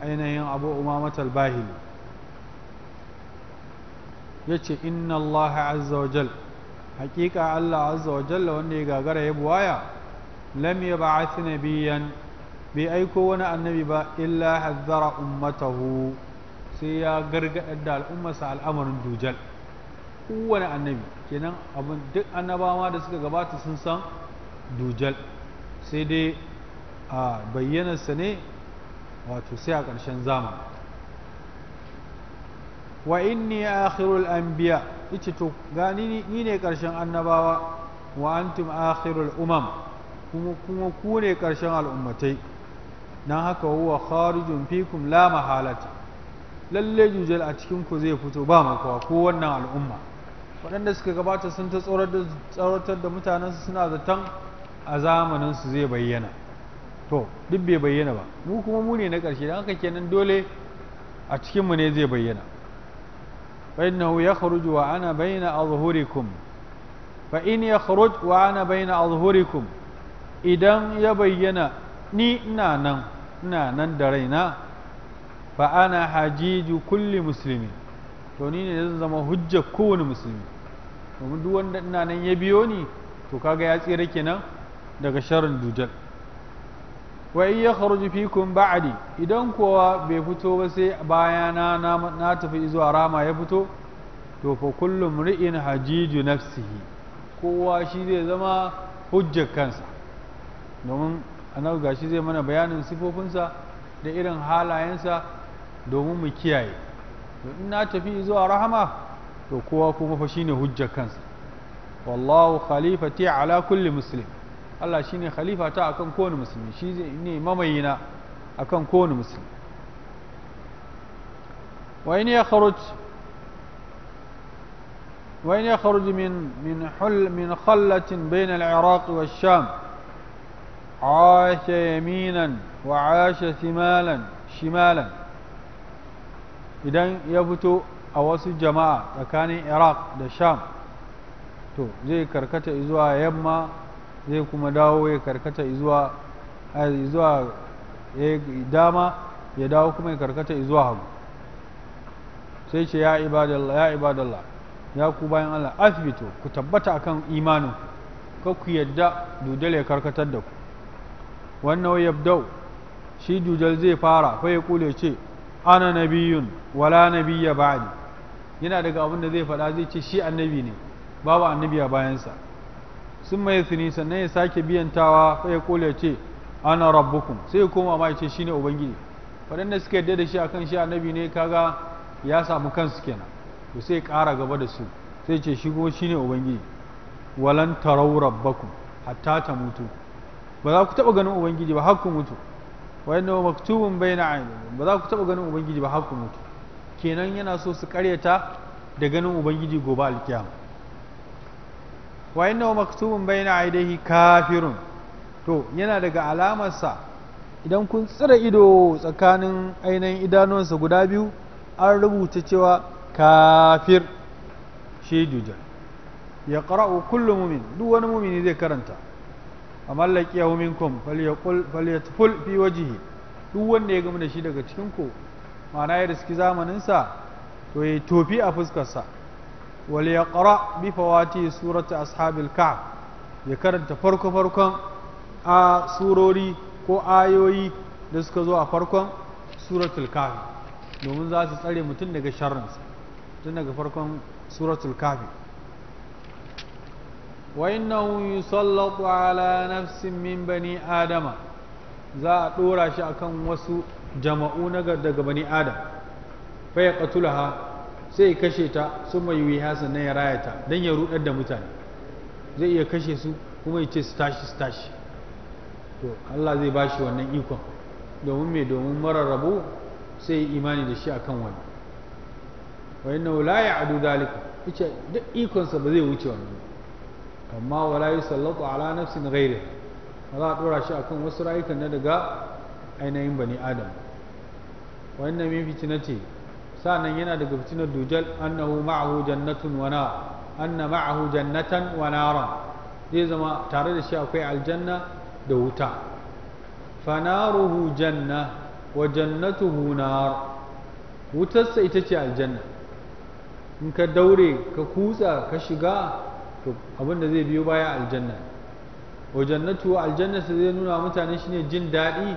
ainihin abu umamatal bahili ya ce inna Allah azza wa jal hakika Allah azza wa jal wanda ya gagara ya buwaya lam ya ba'ath nabiyan bai aiko wani annabi ba illa hazzara ummatahu sai ya gargaɗa da al'ummarsa al'amarin dujal kowane annabi kenan abin duk annabawa da suka gabata sun san dujal sai dai a bayyanarsa ne wato sai a ƙarshen zamani wa inni akhirul anbiya yace to gani ni ne karshen annabawa wa antum akhirul umam kuma kuma ku ne karshen al'ummatai dan haka huwa kharijun fikum la mahalata lalle jujal a cikin ku zai fito ba makawa ko wannan al'umma waɗanda suka gabata sun ta tsoratar da mutanensu suna zaton a zamaninsu zai bayyana to duk bai bayyana ba mu kuma mu ne na ƙarshe don haka kenan dole a cikinmu ne zai bayyana فإنه يخرج وأنا بين أظهركم فإن يخرج وأنا بين أظهركم إذا يبين ني نانا نانا درينا فأنا حجيج كل مسلم تونين يزم هجة كون مسلم ومن دون نانا يبيوني تكاغي أسيركنا daga sharin dujal wa in yakhruju fikum ba'di idan kowa bai fito ba sai bayana na na tafi zuwa rama ya fito to fa kullu mri'in hajiju nafsihi kowa shi zai zama hujjar kansa domin annabi gashi zai mana bayanin sifofinsa da irin halayensa domin mu kiyaye in na tafi zuwa rahama to kowa kuma fa shine hujjar kansa wallahu khalifati ala kulli muslim Allah shine khalifa ta akan kowane musulmi shi ne mamayina akan kowane musulmi wa in yakhruj wa in yakhruj min min hul min khallatin bayna al-iraq wa ash sham yaminan wa وعاش shimalan shimalan idan ya fito a wasu jama'a tsakanin iraq da sham to zai karkata zuwa yamma zai kuma dawo ya karkata zuwa dama ya dawo kuma ya karkata zuwa hagu sai ce ya ibadallah ya ibadallah ya ku bayan Allah asbito ku tabbata akan imanin ka ku yadda dudal ya karkatar da ku wannan yabdau shi dudal zai fara fa ya kule ce ana nabiyun wala nabiyya ba'di yana daga abin da zai faɗa zai ce shi annabi ne babu annabi a bayansa sun mai sini sannan ya sake biyantawa fa ya kole ce ana rabbukum sai ya koma ma ya ce shine ubangiji waɗanda suka yadda da shi akan shi annabi ne kaga ya samu kansu kenan to sai ya ƙara gaba da su sai ce shi kuma shine ubangiji walan tarau rabbakum hatta ta mutu ba za ku taɓa ganin ubangiji ba har ku mutu wa inna maktubun na ainihi ba za ku taɓa ganin ubangiji ba har ku mutu kenan yana so su ƙaryata da ganin ubangiji gobe alkiyama wa wa maktubun bayna aidaihi kafirun to yana daga alamarsa idan kun tsira ido tsakanin ainihin idanunsa guda biyu an rubuta cewa kafir shi dujjal ya ƙara'u kullum mumin duk wani mumini zai karanta a mallaki ya kom faliyatful fi wajihi duk wanda ya gama da shi daga cikinku ma'ana ya riski zamaninsa to ya tofi a fuskarsa wal yaqra bi fawati surati ashabil kahf ya karanta farko farkon a surori ko ayoyi da suka zo a farkon suratul kahf domin za su tsare mutum daga sharrinsa tun daga farkon suratul kahf wa innahu yusallatu ala nafsin min bani adama za a dora akan wasu jama'u na daga bani adam fa yaqtulaha sai ya kashe ta sun mai yi hasan ya raya ta don ya rudar da mutane zai iya kashe su kuma ya ce su tashi su tashi to Allah zai ba shi wannan ikon domin mai domin marar rabo sai ya imani da shi akan wani wani innahu la ya'du dalika ita duk ikonsa ba zai wuce wannan amma wala yusallatu ala nafsin gairi ba za a dora shi akan wasu rayukan na daga ainihin bani adam wa inna min fitnati sa'annan yana daga fitinar dujal annahu ma'ahu jannatun wa nar anna ma'ahu jannatan wa naran zai zama tare da shi akwai aljanna da wuta fanaruhu janna wa jannatuhu nar wutarsa ita ce aljanna in ka daure ka kutsa ka shiga to abin da zai biyo baya aljanna wa jannatu aljannatu zai nuna mutane shine jin daɗi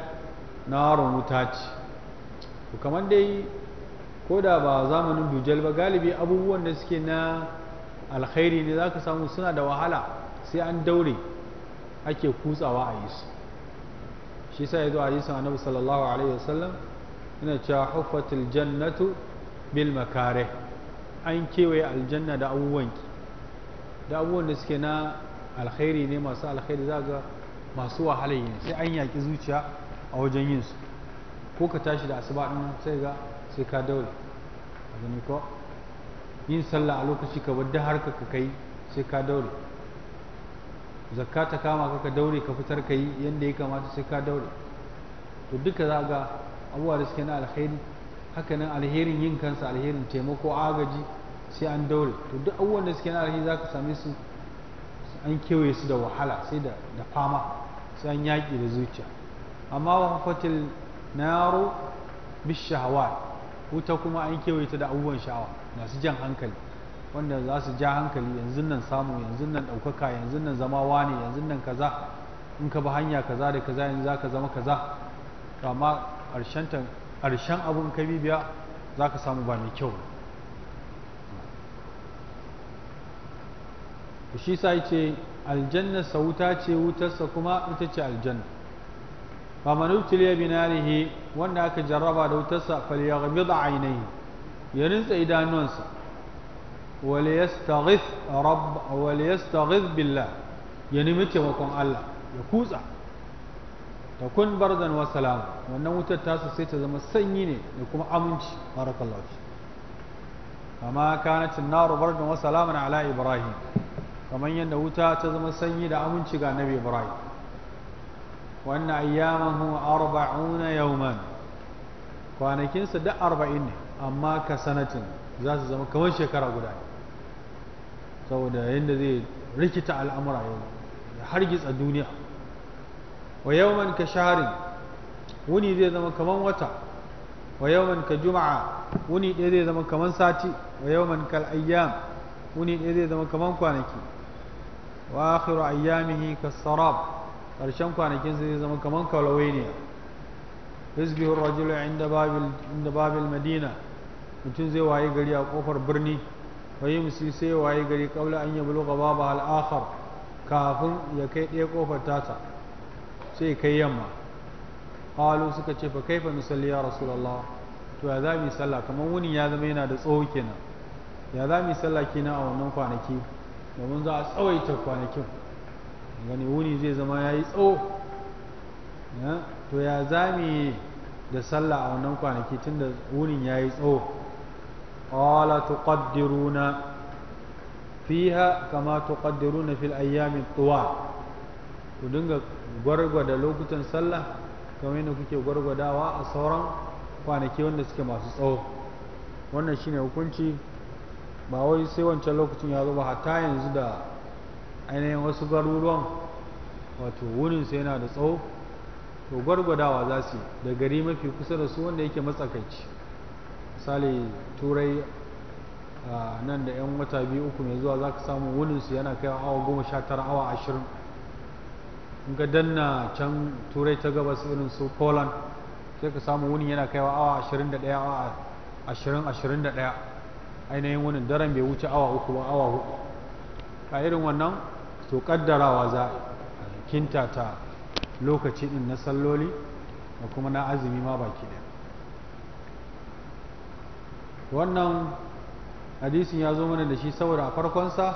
narun wuta ce to kamar dai ko da ba zamanin dujal ba galibi abubuwan da suke na alkhairi ne za ka samu suna da wahala sai an daure ake kutsawa a yi su shi sa ya zo a hadisin annabi sallallahu alaihi wasallam yana cewa huffatul jannatu bil makare an kewaye aljanna da abubuwan ki da abubuwan da suke na alkhairi ne masu alkhairi za ga masu wahala ne sai an yaki zuciya a wajen yin su ko ka tashi da asuba ɗin sai ga sai ka daure a gani ko yin sallah a lokaci ka wadda harka ka kai sai ka daure zakka ta kama ka ka daure ka fitar ka yi yadda ya kamata sai ka daure to duka za ga abuwa da suke na alheri hakanan alherin yin kansa alherin taimako agaji sai an daure to duk abubuwan da suke na alheri za ka same su an kewaye su da wahala sai da fama sai an yaƙi da zuciya amma wa fatil naru bishahawat wuta kuma an kewaye ta da abubuwan sha'awa masu jan hankali wanda za su ja hankali yanzu nan samu yanzu nan ɗaukaka yanzu nan zama wane yanzu nan kaza in ka bi hanya kaza da kaza yanzu za ka zama kaza amma ƙarshen abun ka bibiya za ka samu ba mai kyau shi sa ce aljanna sa wuta ce wutarsa kuma ita ce aljanna فمن ابتلي بناره وانك جربا لو تسع فليغمض عينيه يرنس إذا ننسى وليستغث رب وليستغث بالله ينمت يعني وكم الله يكوزع تكون بردا وسلاما وانه تتاسى سيتا زم السنيني لكم امنت بارك الله فيك فما كانت النار بردا وسلاما على ابراهيم فمن ينوتا تزم السنيني لامنت على النبي ابراهيم وأن أيامه أربعون يوما kwanakin sa duk arba'in ne amma ka sanatin za su zama kamar shekara guda saboda yadda zai rikita al'amura yau ya hargitsa duniya wa yawman ka shaharin wuni zai zama kamar wata wa yawman ka juma'a wuni ɗaya zai zama kamar sati wa ayyam wuni ɗaya zai zama kamar kwanaki ayyamihi ka Karshen kwanakin zai zama kamar kalawai ne rizgihun rajulu inda babil madina mutum zai waye gari a kofar birni wayi musu sai waye gari kabla an yabu gaba ba al'akhar kafin ya kai ɗaya kofar tata, sai kai yamma halu suka ce fa kaifa misali ya Allah to ya za mu sallah kamar wuni ya zama yana da tsawo kenan ya za mu sallah kenan a wannan kwanaki domin za a tsawaita kwanakin gani wuni zai zama ya yi tsawo to ya zami da sallah a wannan kwanaki tun da wunin ya yi tsawo ƙwala tuqaddiruna fiha kama tuqaddiruna fil ayyamin tuwa ku dinga gwargwada lokutan sallah kamar yadda kuke gwargwadawa a sauran kwanaki wanda suke masu tsawo wannan shine hukunci ba wai sai wancan lokacin ya zo ba hatta yanzu da ainihin wasu garuruwan wato sai yana da tsawo to gwargwadawa za su da gari mafi kusa da su wanda yake matsakaici misali turai nan da 'yan wata biyu uku mai zuwa za ka samu su yana kai awa goma sha tara awa ashirin in ga danna can turai ta gabas irin su poland sai ka samu wunin yana kai awa ashirin da ɗaya awa ashirin ashirin da ɗaya ainihin wunin daren bai wuce awa uku ba awa hudu Ka irin wannan to kaddarawa za a kinta ta lokaci din na salloli da kuma na azumi ma baki ɗaya wannan hadisin ya zo mana da shi saboda a farkonsa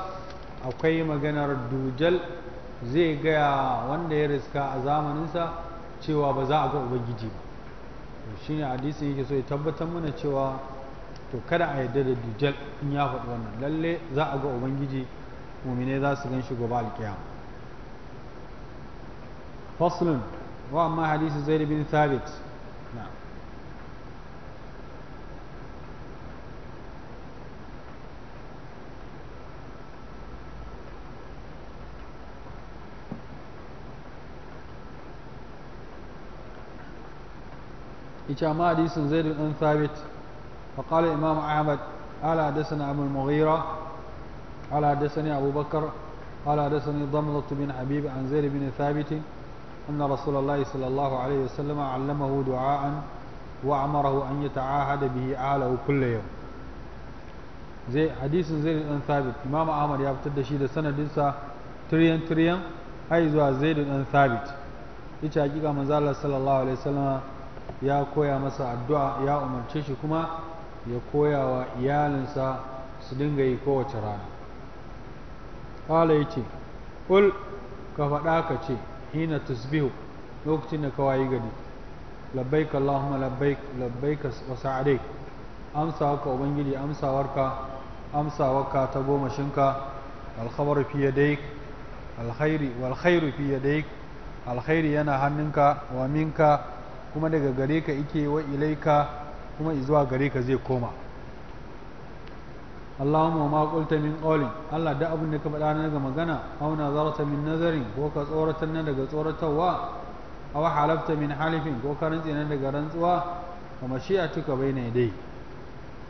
akwai maganar dujal zai gaya wanda ya riska a zamaninsa cewa ba za a ga ubangiji ba shi shine hadisin yake so ya tabbatar mana cewa to kada a yarda da dujal in ya faɗi wannan lalle za a ga ubangiji مؤمنين ذا سجن شو قبال القيامة فصل وأما حديث زيد بن ثابت نعم إيش أما حديث زيد بن ثابت فقال الإمام أحمد ألا حدثنا أبو المغيرة قال حدثني أبو بكر قال حدثني ضمضة بن حبيب عن زيد بن ثابت أن رسول الله صلى الله عليه وسلم علمه دعاء وأمره أن يتعاهد به أهله كل يوم زي حديث زيد بن ثابت إمام أحمد يبتد شيد سنة دنسا تريان تريان هاي زوا زيد بن ثابت ita hakika manzala sallallahu alaihi wasallam ya koya masa addu'a ya umarce shi kuma ya koya wa iyalinsa su dinga yi kowace rana kala ya ce ƙul ka faɗa ka ce hina tusbihu lokacin da ka wayi gari ka allahumma labbaik labbaik wa sa'adai amsa ka ubangiji amsa waka ta shinka alkhabar fi yadayk alkhairi wal khairu fi yadayk alkhairi yana hannunka wa minka kuma daga gare ka ike wa ilaika kuma izuwa gare ka zai koma Allahumma ma qulta min qawlin Allah da abin da ka faɗa na daga magana aw nazarta min nazarin ko ka tsoratar na daga tsoratarwa aw halafta min halifin ko ka rantsi na daga rantsuwa wa mashi'atuka baina dai.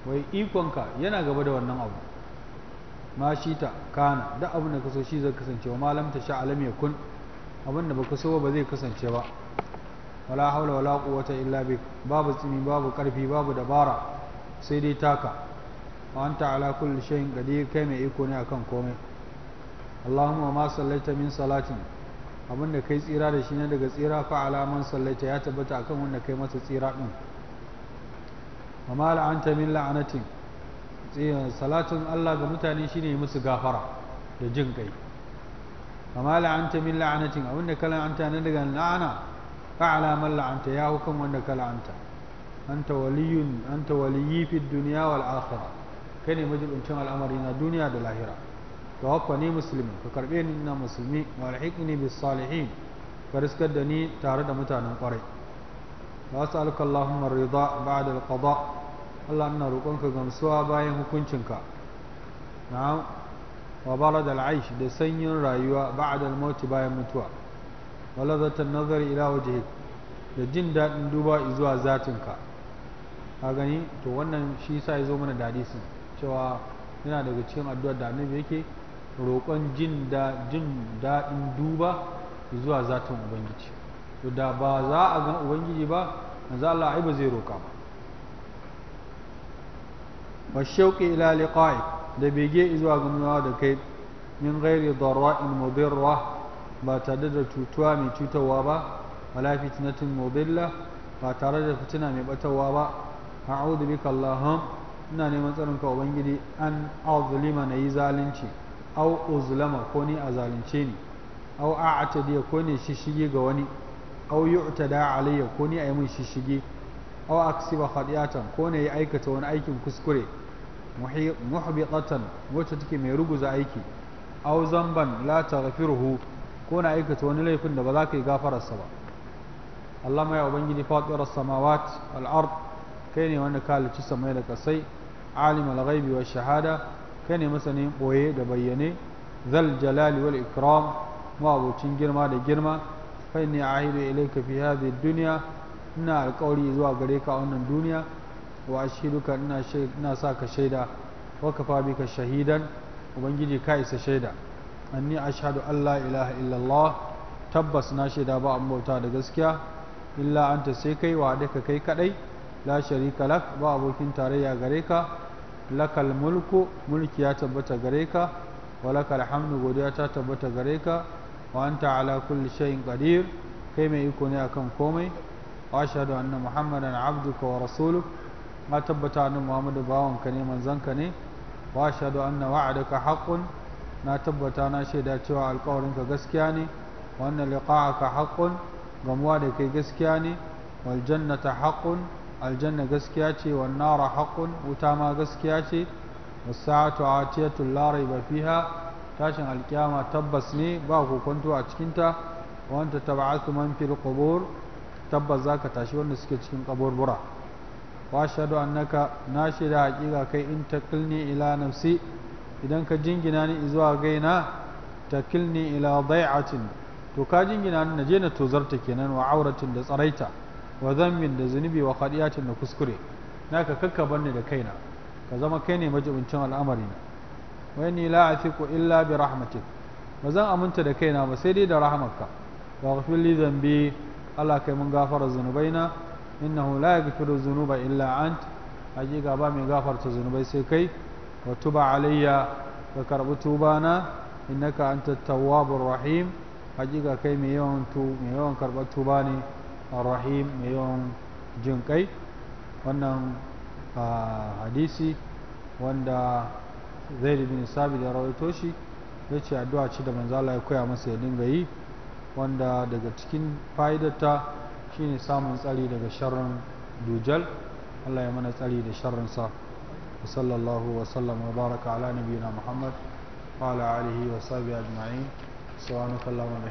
wai ikonka yana gaba da wannan abu Mashita, kana da abin da ka so shi zai kasance wa malam ta sha alam ya kun abin da baka so ba zai kasance ba wala haula wala quwwata illa bik babu tsimi, babu karfi babu dabara sai dai taka وأنت على كل شيء قدير كما يكون أكن كومي اللهم ما صليت من صلاة abin da kai tsira da shi ne daga tsira fa alaman sallaita ya tabbata akan wanda kai masa tsira din amma la'anta min la'anatin salatin Allah da mutane shine masu gafara da jin kai amma la'anta min la'anatin abin da kalan anta ne daga la'ana fa alaman la'anta ya wanda fid dunya kai ne majibincin al'amari na duniya da lahira ni musulmi ka karbe ni na musulmi wa ne bis salihin ka riskar da ni tare da mutanen kwarai wa as'aluka allahumma rida ba'da al Allah ina roƙonka gamsuwa bayan hukuncinka na'am wa barad da sanyin rayuwa ba'da al bayan mutuwa wa ladhat an nazar ila wajhik da jin daɗin duba zuwa zatinka ka gani to wannan shi sa yazo mana da hadisi cewa yana daga cikin addu'ar da annabi yake roƙon jin da jin daɗin duba zuwa zatin ubangiji to da ba za a ga ubangiji ba manzo Allah ai ba zai roƙa ba wa shauqi ila liqa'i da bege zuwa gamuwa da kai min ghairi darra'in mudirra ba tare da tutuwa mai cutarwa ba wala fitnatin mudilla ba tare da fitina mai batawa ba a'udhu bika allahumma ina neman tsarin ka ubangiji an azlima na yi zalunci au uzlama ko ni a zalunce ni au a'tadiya ko ne shishige ga wani au yu'tada alayya ko ni a yi min shishige au aksiba khadiyatan ko ne ya aikata wani aikin kuskure muhbiqatan wacce take mai ruguza aiki au zamban la taghfiruhu ko na aikata wani laifin da ba za ka yi gafararsa ba Allah ya ubangiji fatirar samawat al-ard kai ne wanda ka halicci samai da kasai alimul ghaibi shahada kai ne masanin boye da bayyane zal jalali wal ikram ma'abucin girma da girma kai ne ahidu ilayka fi hadhihi dunya ina alƙawari zuwa gare ka wannan duniya wa ashiduka sa ka shaida wa kafa shahidan ubangiji ka shaida anni ashhadu an ilaha illallah tabbas na shaida ba da gaskiya sai kai ka kai la sharika lak ba abokin tarayya gare ka lakal mulku mulki ya tabbata gare ka wa lakal hamdu godiya ta tabbata gare ka wa anta ala kulli shay'in qadir kai mai iko ne akan komai wa ashhadu anna muhammadan abduka wa rasuluk ma tabbata anna muhammadu bawanka ne manzanka ne wa ashhadu anna wa'adaka haqqun na tabbata na shaida cewa ka gaskiya ne wa anna liqa'aka haqqun gamuwa da kai gaskiya ne wal jannata haqqun aljanna gaskiya ce wa nara haqqun wuta ma gaskiya ce wasa'atu atiyatu la raiba fiha tashin alkiyama tabbas ne ba kokonto a cikin ta wanta tab'athu man fil qubur tabbas zaka tashi wanda suke cikin kaburbura wa ashhadu annaka na shaida haƙiƙa kai in taqilni ila nafsi idan ka jingina ni zuwa gaina takilni ila dai'atin to ka jingina ni naje na tozarta kenan wa auratin da tsaraita wa zammin da zunubi wa khadiyatin da kuskure naka kakka banni da kaina ka zama kai ne majibincin al'amari na wa inni la athiqu illa bi rahmatik ba zan aminta da kaina ba sai dai da rahmarka wa ghfir li dhanbi Allah kai mun gafara zunubaina innahu la yaghfiru dhunuba illa ant hakika ba mai gafarta zunubai sai kai wa tuba alayya ka karbi tubana innaka antat tawwabur rahim hakika kai mai yawan tu mai yawan karbar tuba ne rahim mai yawan jin kai wannan hadisi wanda zai bin sabit ya rawaito shi ya ce addu'a ce da manzala ya koya masa ya dinga yi wanda daga cikin fa'idata shine samun tsari daga sharrin dujal Allah ya mana tsari da sharrinsa sallallahu wa sallam wa baraka ala nabiyina muhammad wa ala alihi wa sahbihi ajma'in subhanakallahumma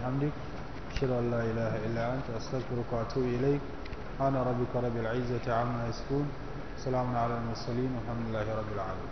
أشهد أن لا إله إلا أنت أستغفرك وأتوب إليك أنا ربك رب العزة عما يصفون سلام على المرسلين والحمد لله رب العالمين